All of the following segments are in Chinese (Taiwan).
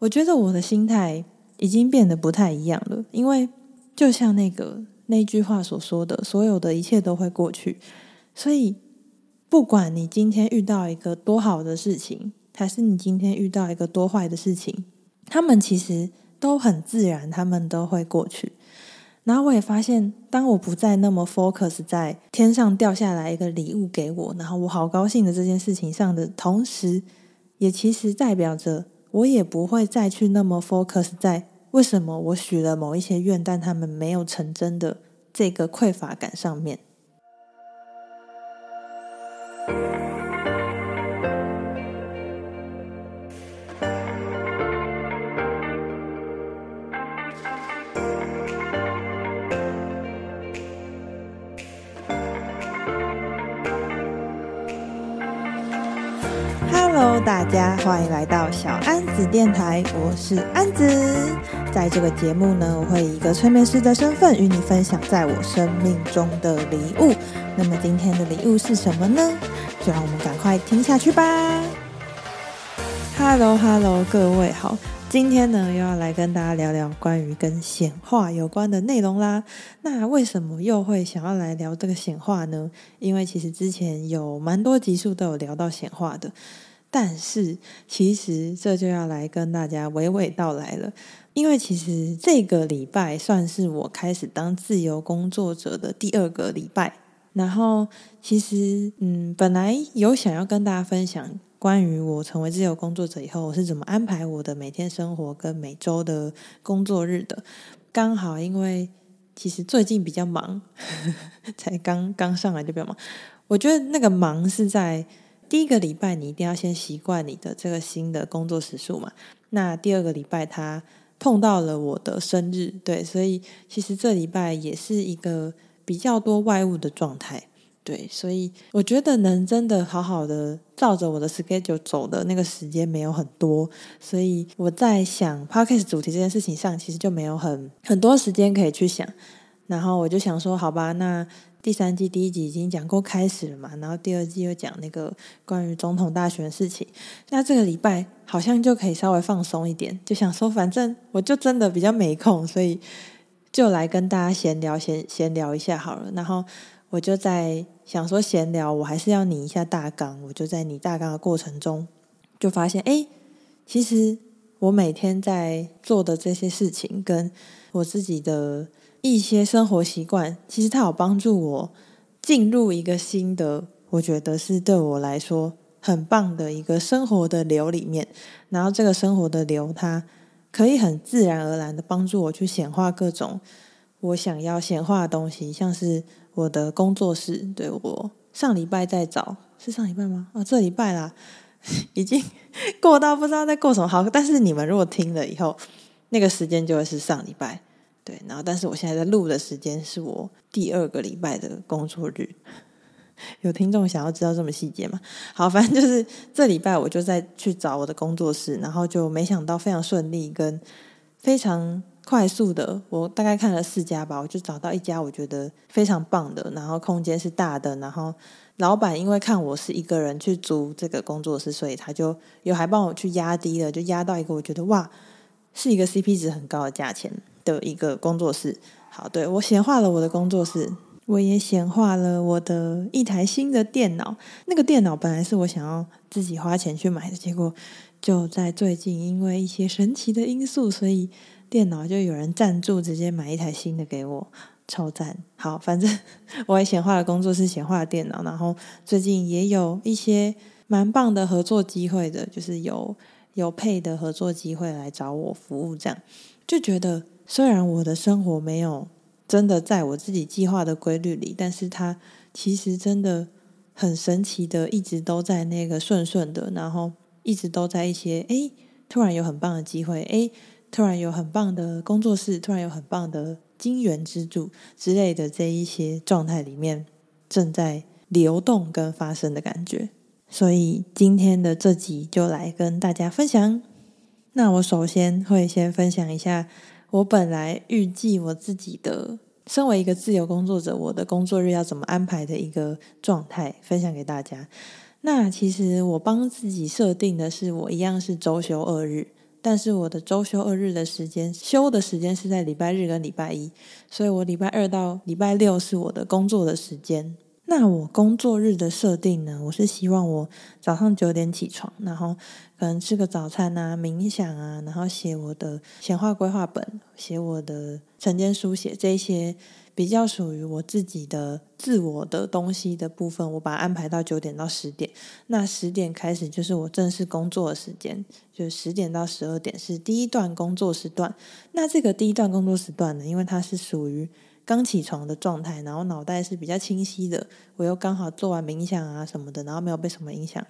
我覺得我的心態已經變得不太一樣了，因為就像那個那句話所說的，所有的一切都會過去。所以，不管你今天遇到一個多好的事情，還是你今天遇到一個多壞的事情，他們其實都很自然，他們都會過去。然後，我也發現，當我不再那麼 focus 在天上掉下來一個禮物給我，然後我好高興的這件事情上的，同時也其實代表着。我也不會再去那麼 focus 在為什麼我許了某一些願，但他們沒有成真的這個匱乏感上面。Hello，大家歡迎來到小安子電台，我是安子。在這個節目呢，我會以一個催眠師的身份與你分享在我生命中的禮物。那麼今天的禮物是什麼呢？就讓我們趕快聽下去吧。Hello，Hello，hello, 各位好，今天呢又要來跟大家聊聊關於跟顯化有關的內容啦。那為什麼又會想要來聊這個顯化呢？因為其實之前有蠻多集數都有聊到顯化的。但是，其實這就要來跟大家娓娓道來了。因為其實這個禮拜算是我開始當自由工作者的第二個禮拜。然後，其實嗯，本來有想要跟大家分享關於我成為自由工作者以後，我是怎麼安排我的每天生活跟每週的工作日的。剛好，因為其實最近比較忙，呵呵，才剛剛上來就比較忙。我覺得那個忙是在。第一個禮拜你一定要先習慣你的這個新的工作時數嘛。那第二個禮拜他碰到了我的生日，對，所以其實這禮拜也是一個比較多外務的狀態，對，所以我覺得能真的好好的照着我的 schedule 走的那個時間沒有很多，所以我在想 podcast 主題這件事情上其實就沒有很很多時間可以去想，然後我就想說，好吧，那。第三季第一集已經講過開始了嘛，然後第二季又講那個關於總統大選的事情，那這個禮拜好像就可以稍微放鬆一點，就想說反正我就真的比較沒空，所以就來跟大家閒聊閒閒聊一下好了。然後我就在想說閒聊，我還是要擬一下大綱，我就在擬大綱的過程中，就發現哎，其實我每天在做的這些事情，跟我自己的。一些生活習慣，其實它有幫助我進入一個新的，我覺得是對我來說很棒的一個生活的流裡面。然後這個生活的流，它可以很自然而然的幫助我去顯化各種我想要顯化的東西，像是我的工作室。對，我上禮拜在找，是上禮拜嗎？啊、哦，這禮拜啦，已經過到不知道在過什麼。好，但是你們如果聽了以後，那個時間就會是上禮拜。對，然後但是我現在在錄的時間是我第二個禮拜的工作日， 有聽眾想要知道這麼細節嗎？好，反正就是這禮拜我就在去找我的工作室，然後就沒想到非常順利，跟非常快速的，我大概看了四家吧，我就找到一家我覺得非常棒的，然後空間是大的，然後老闆因為看我是一個人去租這個工作室，所以他就有還幫我去壓低了，就壓到一個我覺得哇，是一個 CP 值很高的價錢。的一個工作室，好，對，我顯化了我的工作室，我也顯化了我的一台新的電腦。那個電腦本來是我想要自己花錢去買的，結果就在最近，因為一些神奇的因素，所以電腦就有人贊助，直接買一台新的給我，超贊。好，反正我也顯化了工作室，顯化了電腦，然後最近也有一些蠻棒的合作機會的，就是有有 pay 的合作機會來找我服務，這樣就覺得。雖然我的生活沒有真的在我自己計劃的規律裡，但是它其實真的很神奇的，一直都在那個順順的，然後一直都在一些哎、欸，突然有很棒的機會，哎、欸，突然有很棒的工作室，突然有很棒的金源支柱之類的這一些狀態裡面正在流動跟發生的感覺。所以今天的這集就來跟大家分享。那我首先會先分享一下。我本來預計我自己的，身為一個自由工作者，我的工作日要怎麼安排的一個狀態，分享給大家。那其實我幫自己設定的是，我一樣是周休二日，但是我的周休二日的時間，休的時間是在禮拜日跟禮拜一，所以我禮拜二到禮拜六是我的工作的時間。那我工作日的設定呢？我是希望我早上九點起床，然後可能吃個早餐啊、冥想啊，然後寫我的顯化規劃本、寫我的晨間書寫這一些比較屬於我自己的自我的東西的部分，我把它安排到九點到十點。那十點開始就是我正式工作的時間，就十點到十二點是第一段工作時段。那這個第一段工作時段呢，因為它是屬於，剛起床的狀態，然後腦袋是比較清晰的。我又剛好做完冥想啊什麼的，然後沒有被什麼影響，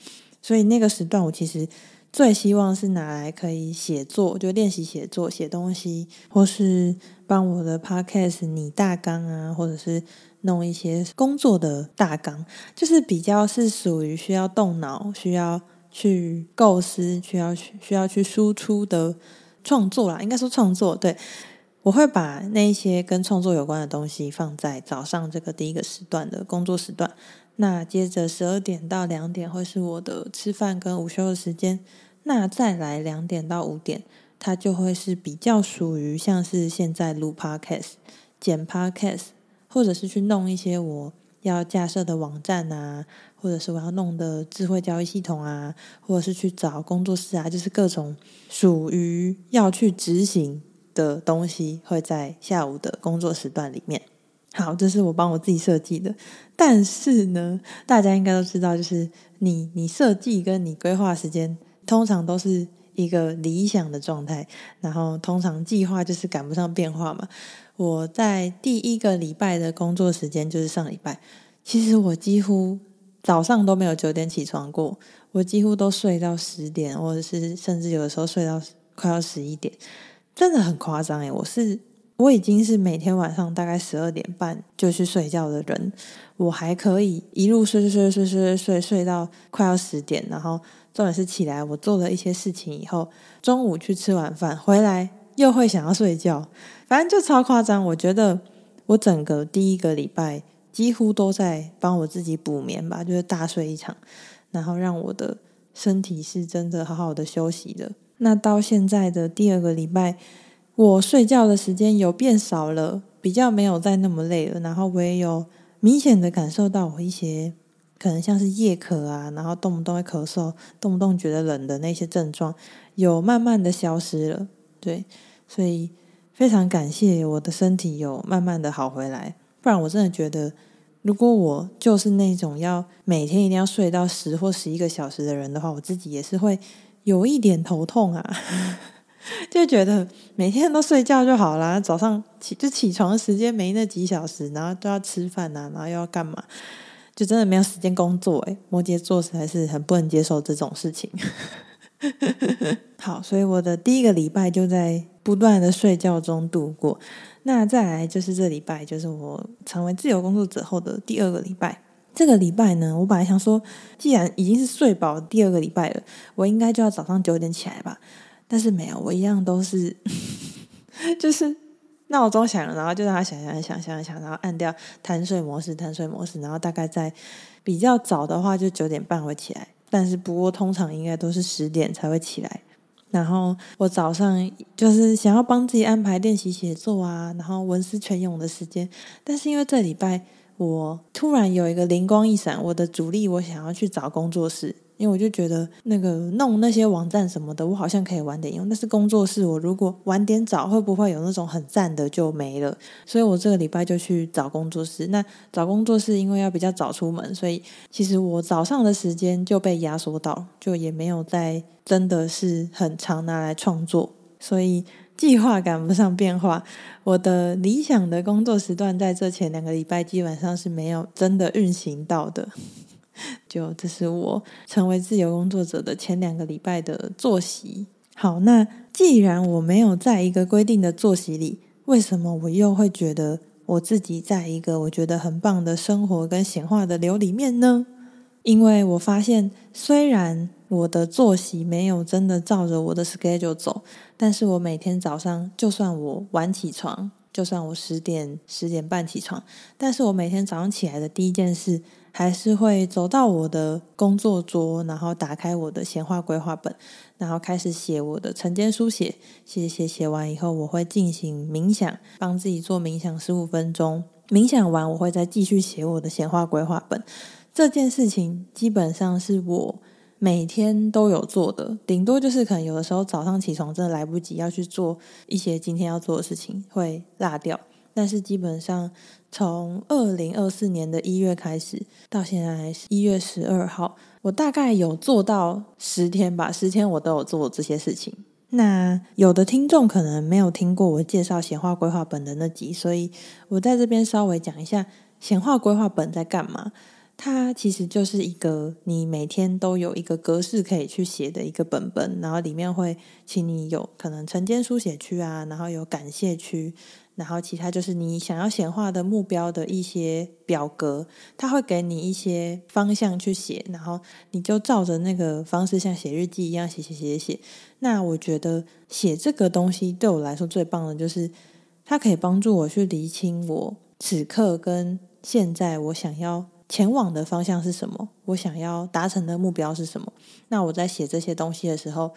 所以那個時段我其實最希望是拿來可以寫作，就練習寫作、寫東西，或是幫我的 podcast 擬大綱啊，或者是弄一些工作的大綱，就是比較是屬於需要動腦、需要去構思、需要需要去輸出的創作啦，應該說創作，對。我會把那一些跟創作有關的東西放在早上這個第一個時段的工作時段。那接着十二點到兩點會是我的吃飯跟午休的時間。那再來兩點到五點，它就會是比較屬於像是現在錄 podcast、剪 podcast，或者是去弄一些我要架設的網站啊，或者是我要弄的智慧交易系統啊，或者是去找工作室啊，就是各種屬於要去執行。的東西會在下午的工作時段裡面。好，這是我幫我自己設計的。但是呢，大家應該都知道，就是你你設計跟你規劃時間，通常都是一個理想的狀態。然後通常計劃就是趕不上變化嘛。我在第一個禮拜的工作時間就是上禮拜，其實我幾乎早上都沒有九點起床過，我幾乎都睡到十點，或者是甚至有的時候睡到快要十一點。真的很誇張誒，我是我已經是每天晚上大概十二點半就去睡覺的人，我還可以一路睡睡睡睡睡睡睡到快要十點，然後重點是起來我做了一些事情以後，中午去吃晚飯回來又會想要睡覺，反正就超誇張。我覺得我整個第一個禮拜幾乎都在幫我自己補眠吧，就是大睡一場，然後讓我的身體是真的好好的休息的。那到現在的第二個禮拜，我睡覺的時間有變少了，比較沒有再那麼累了。然後我也有明顯的感受到，我一些可能像是夜咳啊，然後動不動會咳嗽，動不動覺得冷的那些症狀，有慢慢的消失了。對，所以非常感謝我的身體有慢慢的好回來。不然我真的覺得，如果我就是那種要每天一定要睡到十或十一個小時的人的話，我自己也是會。有一點頭痛啊，就覺得每天都睡覺就好啦，早上起就起床的時間沒那幾小時，然後都要吃飯吶、啊，然後又要幹嘛，就真的沒有時間工作哎。摩羯座實在是很不能接受這種事情。 好，所以我的第一個禮拜就在不斷的睡覺中度過。那再來就是這禮拜，就是我成為自由工作者後的第二個禮拜。這個禮拜呢，我本來想說，既然已經是睡飽第二個禮拜了，我應該就要早上九點起來吧。但是沒有，我一樣都是， 就是鬧鐘響了，然後就讓他響響響響響，然後按掉貪睡模式，貪睡模式，然後大概在比較早的話就九點半會起來。但是不過通常應該都是十點才會起來。然後我早上就是想要幫自己安排練習寫作啊，然後文思泉湧的時間。但是因為這禮拜。我突然有一個靈光一閃，我的主力我想要去找工作室，因為我就覺得那個弄那、那些網站什麼的，我好像可以晚點用。但是工作室，我如果晚點找，會不會有那種很讚的就沒了？所以我這個禮拜就去找工作室。那找工作室，因為要比較早出門，所以其實我早上的時間就被壓縮到，就也沒有在真的是很長拿來創作，所以。計劃趕不上變化。我的理想的工作時段在這前兩個禮拜基本上是沒有真的運行到的。 就這是我成為自由工作者的前兩個禮拜的作息。好，那既然我沒有在一個規定的作息裡，為什麼我又會覺得我自己在一個我覺得很棒的生活跟顯化的流裡面呢？因為我發現，雖然我的作息沒有真的照着我的 schedule 走，但是我每天早上，就算我晚起床，就算我十點、十點半起床，但是我每天早上起來的第一件事，還是會走到我的工作桌，然後打開我的顯化規劃本，然後開始寫我的晨間書寫。寫寫寫完以後，我會進行冥想，幫自己做冥想十五分鐘。冥想完，我會再繼續寫我的顯化規劃本。這件事情基本上是我每天都有做的，頂多就是可能有的時候早上起床真的來不及要去做一些今天要做的事情，會落掉。但是基本上從二零二四年的一月開始到現在一月十二號，我大概有做到十天吧，十天我都有做這些事情。那有的聽眾可能沒有聽過我介紹顯化規劃本的那集，所以我在這邊稍微講一下顯化規劃本在幹嘛。它其實就是一個你每天都有一個格式可以去寫的一個本本，然後裡面會請你有可能晨間書寫區啊，然後有感謝區，然後其他就是你想要顯化的目標的一些表格，它會給你一些方向去寫，然後你就照着那個方式像寫日記一樣寫寫寫寫寫。那我覺得寫這個東西對我來說最棒的就是，它可以幫助我去釐清我此刻跟現在我想要。前往的方向是什麼？我想要達成的目標是什麼？那我在寫這些東西的時候，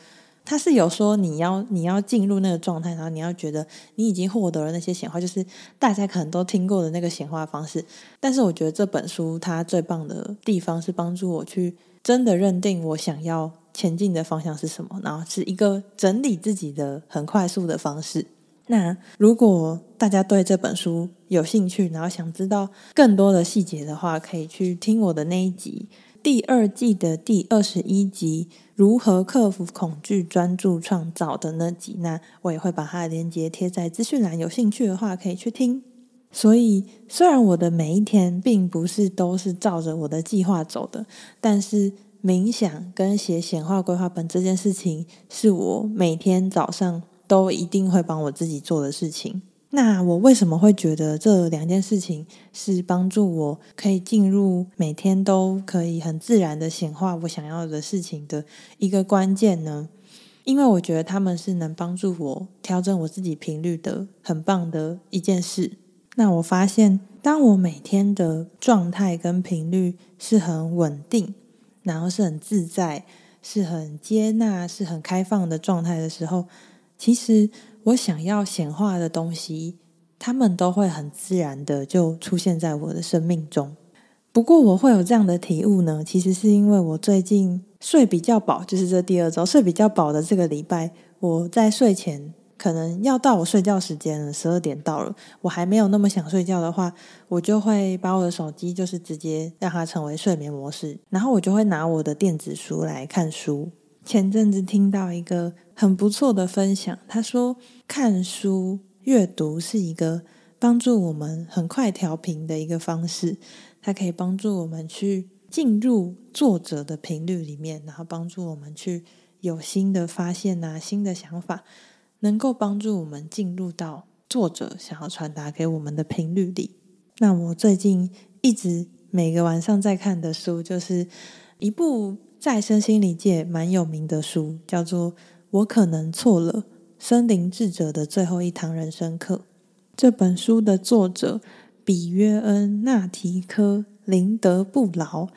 它是有說你要你要進入那個狀態，然後你要覺得你已經獲得了那些顯化，就是大家可能都聽過的那個顯化方式。但是我覺得這本書它最棒的地方是幫助我去真的認定我想要前進的方向是什麼，然後是一個整理自己的很快速的方式。那如果大家對這本書有興趣，然後想知道更多的細節的話，可以去聽我的那一集，第二季的第二十一集《如何克服恐懼、專注創造》的那集。那我也會把它的鏈接貼在資訊欄，有興趣的話可以去聽。所以，雖然我的每一天並不是都是照着我的計劃走的，但是冥想跟寫顯化規劃本這件事情，是我每天早上，都一定會幫我自己做的事情。那我為什麼會覺得這兩件事情是幫助我可以進入每天都可以很自然的顯化我想要的事情的一個關鍵呢？因為我覺得它們是能幫助我調整我自己頻率的很棒的一件事。那我發現，當我每天的狀態跟頻率是很穩定，然後是很自在、是很接納、是很開放的狀態的時候，其實我想要顯化的東西，他們都會很自然的就出現在我的生命中。不過我會有這樣的體悟呢，其實是因為我最近睡比較飽，就是這第二周睡比較飽的這個禮拜，我在睡前可能要到我睡覺時間了，十二點到了，我還沒有那麼想睡覺的話，我就會把我的手機就是直接讓它成為睡眠模式，然後我就會拿我的電子書來看書。前陣子聽到一個很不錯的分享，他說看書閱讀是一個幫助我們很快調頻的一個方式，它可以幫助我們去進入作者的頻率裡面，然後幫助我們去有新的發現啊，新的想法，能夠幫助我們進入到作者想要傳達給我們的頻率裡。那我最近一直每個晚上在看的書就是一部。在身心理界蠻有名的書，叫做《我可能錯了：森林智者的最後一堂人生課》。這本書的作者比約恩·納提科·林德布勞，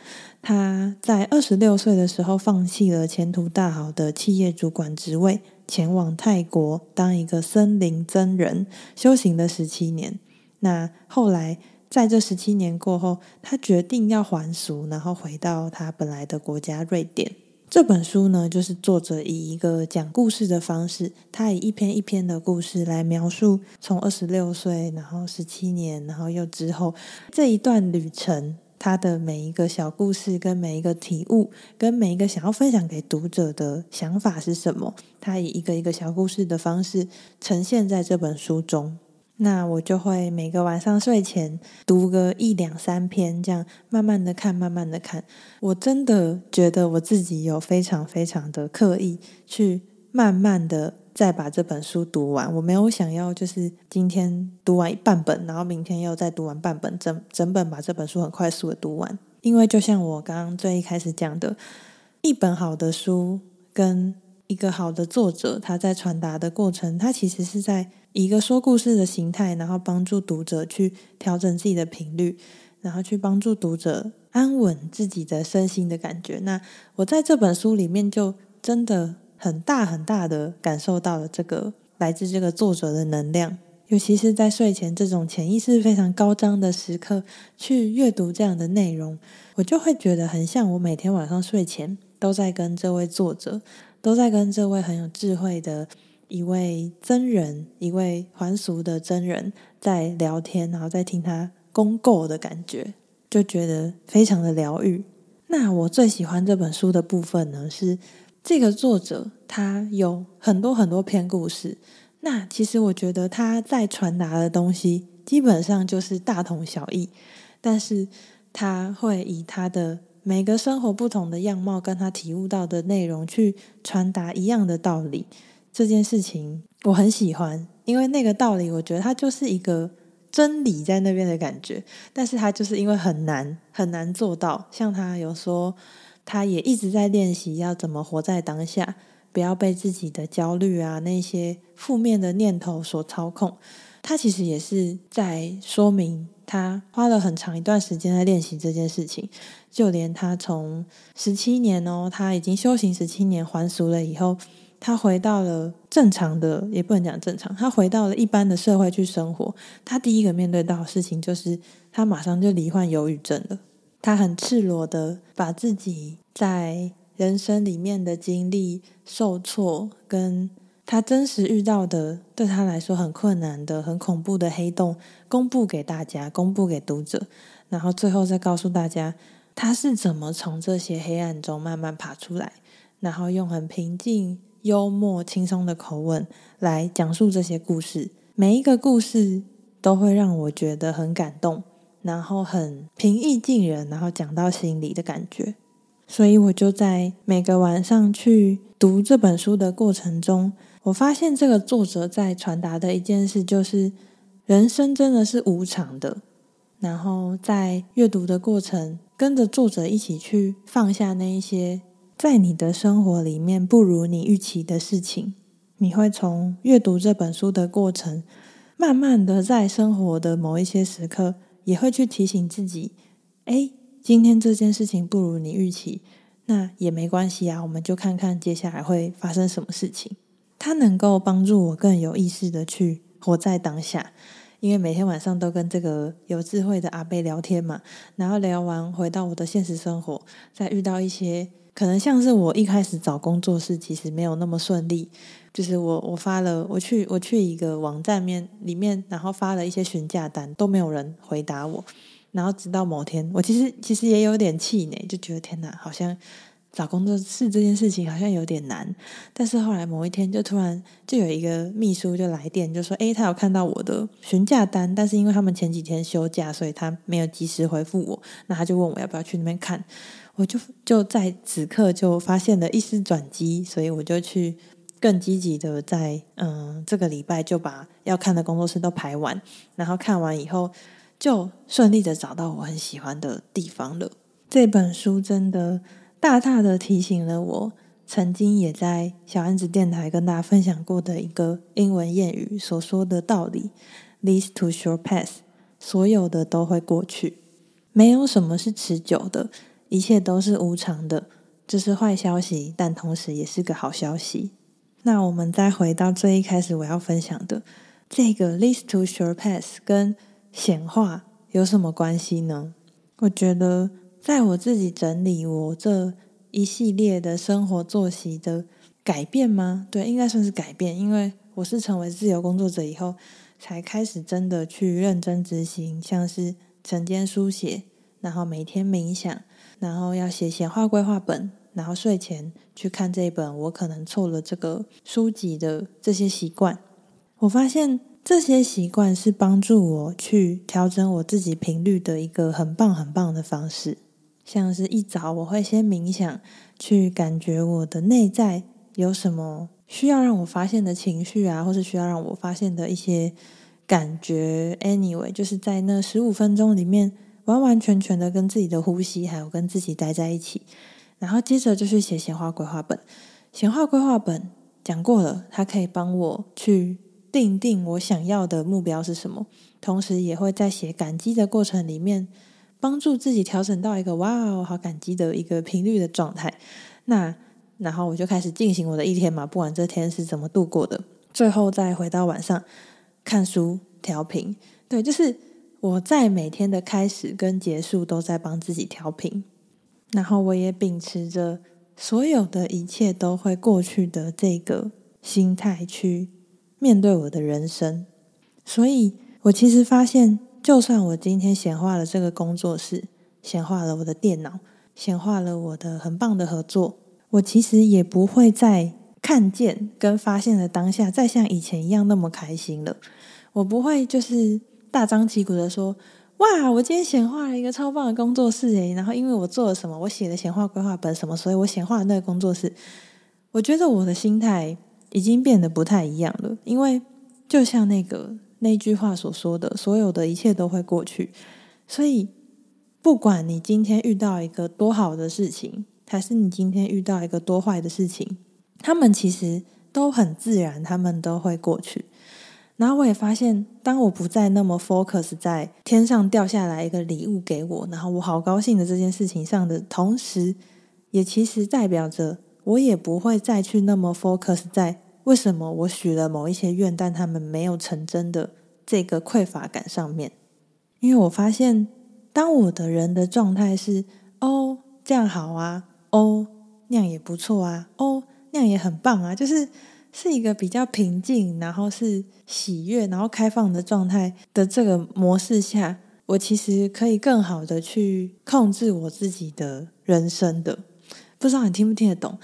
他在二十六歲的時候放棄了前途大好的企業主管職位，前往泰國當一個森林僧人修行了十七年。那後來，在這十七年過後，他決定要還俗，然後回到他本來的國家瑞典。這本書呢，就是作者以一個講故事的方式，他以一篇一篇的故事來描述從二十六歲，然後十七年，然後又之後這一段旅程，他的每一個小故事跟每一個體悟，跟每一個想要分享給讀者的想法是什麼，他以一個一個小故事的方式呈現在這本書中。那我就會每個晚上睡前讀個一兩三篇，這樣慢慢的看，慢慢的看。我真的覺得我自己有非常非常的刻意去慢慢的再把這本書讀完。我沒有想要就是今天讀完一半本，然後明天又再讀完半本，整整本把這本書很快速的讀完。因為就像我剛剛最一開始講的，一本好的書跟一個好的作者，他在傳達的過程，他其實是在。一個說故事的形態，然後幫助讀者去調整自己的頻率，然後去幫助讀者安穩自己的身心的感覺。那我在這本書裡面就真的很大很大的感受到了這個來自這個作者的能量，尤其是在睡前這種潛意識非常高漲的時刻去閱讀這樣的內容，我就會覺得很像我每天晚上睡前都在跟這位作者，都在跟這位很有智慧的。一位真人，一位還俗的真人在聊天，然後在聽他公告的感覺，就覺得非常的療癒。那我最喜歡這本書的部分呢，是這個作者他有很多很多篇故事。那其實我覺得他在傳達的東西基本上就是大同小異，但是他會以他的每個生活不同的樣貌，跟他體悟到的內容去傳達一樣的道理。這件事情我很喜歡，因為那個道理，我覺得它就是一個真理在那邊的感覺。但是它就是因為很難，很難做到。像他有說，他也一直在練習要怎麼活在當下，不要被自己的焦慮啊那些負面的念頭所操控。他其實也是在說明，他花了很長一段時間在練習這件事情。就連他從十七年哦，他已經修行十七年還俗了以後。他回到了正常的，也不能講正常。他回到了一般的社會去生活。他第一個面對到的事情就是，他馬上就罹患憂鬱症了。他很赤裸的把自己在人生裡面的經歷、受挫，跟他真實遇到的，對他來說很困難的、很恐怖的黑洞，公布給大家，公布給讀者。然後最後再告訴大家，他是怎麼從這些黑暗中慢慢爬出來，然後用很平靜。幽默輕鬆的口吻來講述這些故事，每一個故事都會讓我覺得很感動，然後很平易近人，然後講到心裡的感覺。所以我就在每個晚上去讀這本書的過程中，我發現這個作者在傳達的一件事就是，人生真的是無常的。然後在閱讀的過程，跟着作者一起去放下那一些。在你的生活裡面不如你預期的事情，你會從閱讀這本書的過程，慢慢的在生活的某一些時刻，也會去提醒自己，哎，今天這件事情不如你預期，那也沒關係啊，我們就看看接下來會發生什麼事情。它能夠幫助我更有意識的去活在當下。因為每天晚上都跟這個有智慧的阿伯聊天嘛，然後聊完回到我的現實生活，再遇到一些可能像是我一開始找工作時其實沒有那麼順利，就是我我發了我去我去一個網站面裡面，然後發了一些詢價單都沒有人回答我，然後直到某天我其實其實也有點氣餒，就覺得天吶，好像。找工作室，這件事情好像有點難，但是後來某一天就突然就有一個秘書就來電，就說：“誒，他有看到我的詢價單，但是因為他們前幾天休假，所以他沒有及時回復我。那他就問我要不要去那邊看，我就就在此刻就發現了一絲轉機，所以我就去更積極的在嗯，這個禮拜就把要看的工作室都排完，然後看完以後就順利的找到我很喜歡的地方了。這本書真的。”大大的提醒了我，曾經也在小安子電台跟大家分享過的一個英文諺語所說的道理 This too shall pass 所有的都會過去，沒有什麼是持久的，一切都是無常的，這是壞消息，但同時也是個好消息。那我們再回到最一開始我要分享的這個 This too shall pass 跟顯化有什麼關係呢？我覺得。在我自己整理我這一系列的生活作息的改變嗎？對，應該算是改變，因為我是成為自由工作者以後，才開始真的去認真執行，像是晨間書寫，然後每天冥想，然後要寫顯化規劃本，然後睡前去看這一本《我可能錯了》這個書籍的這些習慣，我發現這些習慣是幫助我去調整我自己頻率的一個很棒很棒的方式。像是一早我會先冥想，去感覺我的內在有什麼需要讓我發現的情緒啊，或者需要讓我發現的一些感覺。Anyway，就是在那十五分鐘裡面，完完全全的跟自己的呼吸，還有跟自己待在一起。然後接着就去寫顯化規劃本，顯化規劃本講過了，它可以幫我去定定我想要的目標是什麼，同時也會在寫感激的過程裡面。幫助自己調整到一個哇哦，好感激的一個頻率的狀態。那然後我就開始進行我的一天嘛，不管這天是怎麼度過的。最後再回到晚上看書調頻，對，就是我在每天的開始跟結束都在幫自己調頻。然後我也秉持着所有的一切都會過去的這個心態去面對我的人生。所以我其實發現。就算我今天顯化了這個工作室，顯化了我的電腦，顯化了我的很棒的合作，我其實也不會再看見跟發現的當下再像以前一樣那麼開心了。我不會就是大張旗鼓的說：“哇，我今天顯化了一個超棒的工作室欸！”然後因為我做了什麼，我寫了顯化規劃本什麼，所以我顯化那個工作室。我覺得我的心態已經變得不太一樣了，因為就像那個。那句話所說的，所有的一切都會過去。所以，不管你今天遇到一個多好的事情，還是你今天遇到一個多壞的事情，他們其實都很自然，他們都會過去。然後我也發現，當我不再那麼 focus 在天上掉下來一個禮物給我，然後我好高興的這件事情上的同時，也其實代表着我也不會再去那麼 focus 在。為什麼我許了某一些願，但他們沒有成真的這個匱乏感上面？因為我發現，當我的人的狀態是“哦，這樣好啊，哦，那樣也不錯啊，哦，那樣也很棒啊”，就是是一個比較平靜，然後是喜悅，然後開放的狀態的這個模式下，我其實可以更好的去控制我自己的人生的。不知道你聽不聽得懂？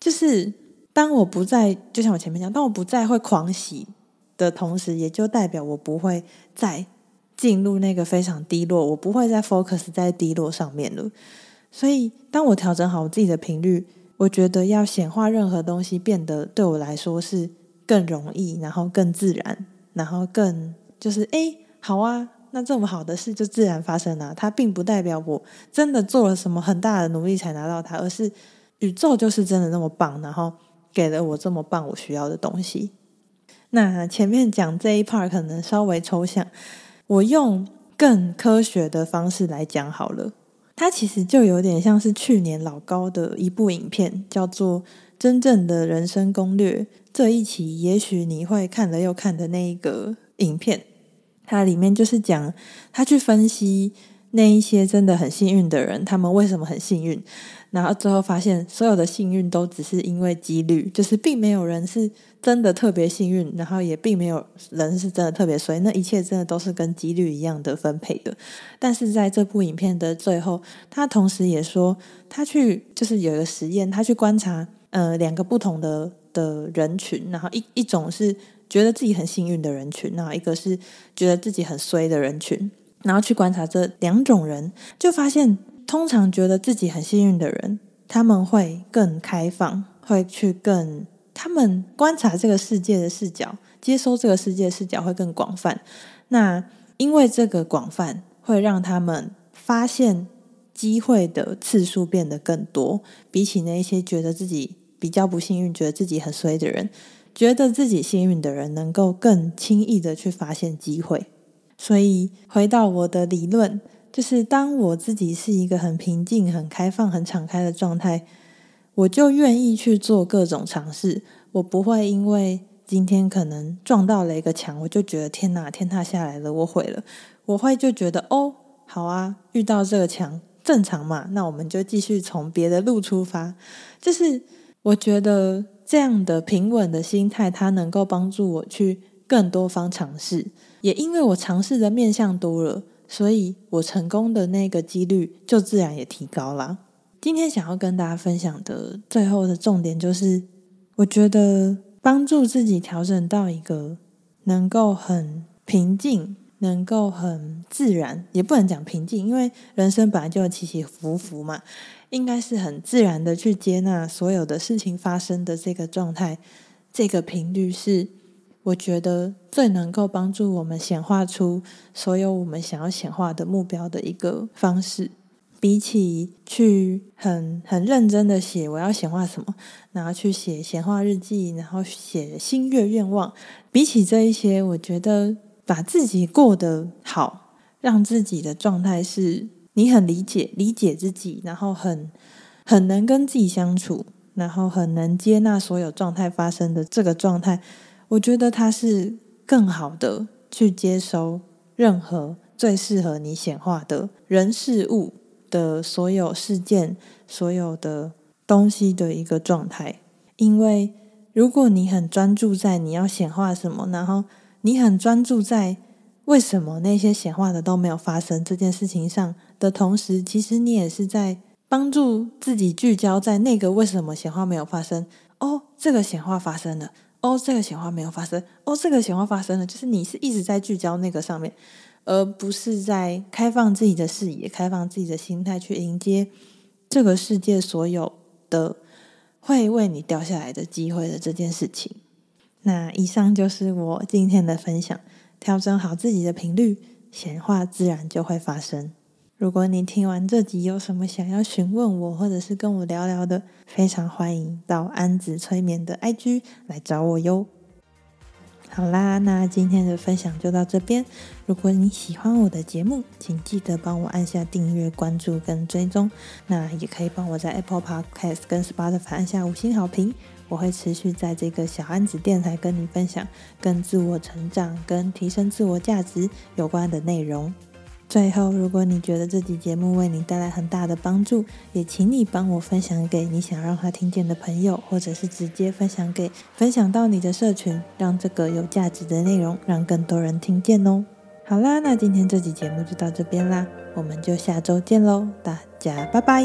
就是。當我不再，就像我前面講，當我不再會狂喜的同時，也就代表我不會再進入那個非常低落，我不會再 focus 在低落上面了。所以，當我調整好我自己的頻率，我覺得要顯化任何東西變得對我來說是更容易，然後更自然，然後更就是哎，好啊，那這麼好的事就自然發生了啊。它並不代表我真的做了什麼很大的努力才拿到它，而是宇宙就是真的那麼棒，然後。給了我這麼棒我需要的東西。那前面講這一 part 可能稍微抽象，我用更科學的方式來講好了。它其實就有點像是去年老高的一部影片，叫做《真正的人生攻略》這一期，也許你會看了又看的那一個影片。它裡面就是講他去分析。那一些真的很幸運的人，他們為什麼很幸運？然後最後發現，所有的幸運都只是因為幾率，就是並沒有人是真的特別幸運，然後也並沒有人是真的特別衰。那一切真的都是跟幾率一樣的分配的。但是在這部影片的最後，他同時也說，他去就是有一個實驗，他去觀察呃兩個不同的的人群，然後一一種是覺得自己很幸運的人群，然後一個是覺得自己很衰的人群。然後去觀察這兩種人，就發現通常覺得自己很幸運的人，他們會更開放，會去更，他們觀察這個世界的視角，接收這個世界的視角會更廣泛。那因為這個廣泛，會讓他們發現機會的次數變得更多。比起那些覺得自己比較不幸運、覺得自己很衰的人，覺得自己幸運的人，能夠更輕易的去發現機會。所以回到我的理論，就是當我自己是一個很平靜、很開放、很敞開的狀態，我就願意去做各種嘗試。我不會因為今天可能撞到了一個牆，我就覺得天哪、啊，天塌下來了，我毀了。我會就覺得哦，好啊，遇到這個牆正常嘛，那我們就繼續從別的路出發。就是我覺得這樣的平穩的心態，它能夠幫助我去更多方嘗試。也因為我嘗試的面向多了，所以我成功的那個幾率就自然也提高了。今天想要跟大家分享的最後的重點，就是我覺得幫助自己調整到一個能夠很平靜、能夠很自然，也不能講平靜，因為人生本來就起起伏伏嘛，應該是很自然的去接納所有的事情發生的這個狀態，這個頻率是。我覺得最能夠幫助我們顯化出所有我們想要顯化的目標的一個方式，比起去很很認真的寫我要顯化什麼，然後去寫顯化日記，然後寫新月願望，比起這一些，我覺得把自己過得好，讓自己的狀態是你很理解理解自己，然後很很能跟自己相處，然後很能接納所有狀態發生的這個狀態。我覺得它是更好的去接收任何最適合你顯化的人事物的所有事件、所有的東西的一個狀態，因為如果你很專注在你要顯化什麼，然後你很專注在為什麼那些顯化的都沒有發生這件事情上的同時，其實你也是在幫助自己聚焦在那個為什麼顯化沒有發生哦，這個顯化發生了。哦，這個顯化沒有發生。哦，這個顯化發生了，就是你是一直在聚焦那個上面，而不是在開放自己的視野、開放自己的心態去迎接這個世界所有的會為你掉下來的機會的這件事情。那以上就是我今天的分享。調整好自己的頻率，顯化自然就會發生。如果你聽完這集有什麼想要詢問我，或者是跟我聊聊的，非常歡迎到安子催眠的 IG 來找我喲。好啦，那今天的分享就到這邊。如果你喜歡我的節目，請記得幫我按下訂閱、關注跟追蹤。那也可以幫我在 Apple Podcast 跟 Spotify 按下五星好評。我會持續在這個小安子電臺跟你分享跟自我成長、跟提升自我價值有關的內容。最後，如果你覺得這集節目為你帶來很大的幫助，也請你幫我分享給你想讓他聽見的朋友，或者是直接分享給分享到你的社群，讓這個有價值的內容讓更多人聽見哦。好啦，那今天這集節目就到這邊啦，我們就下周見嘍，大家拜拜。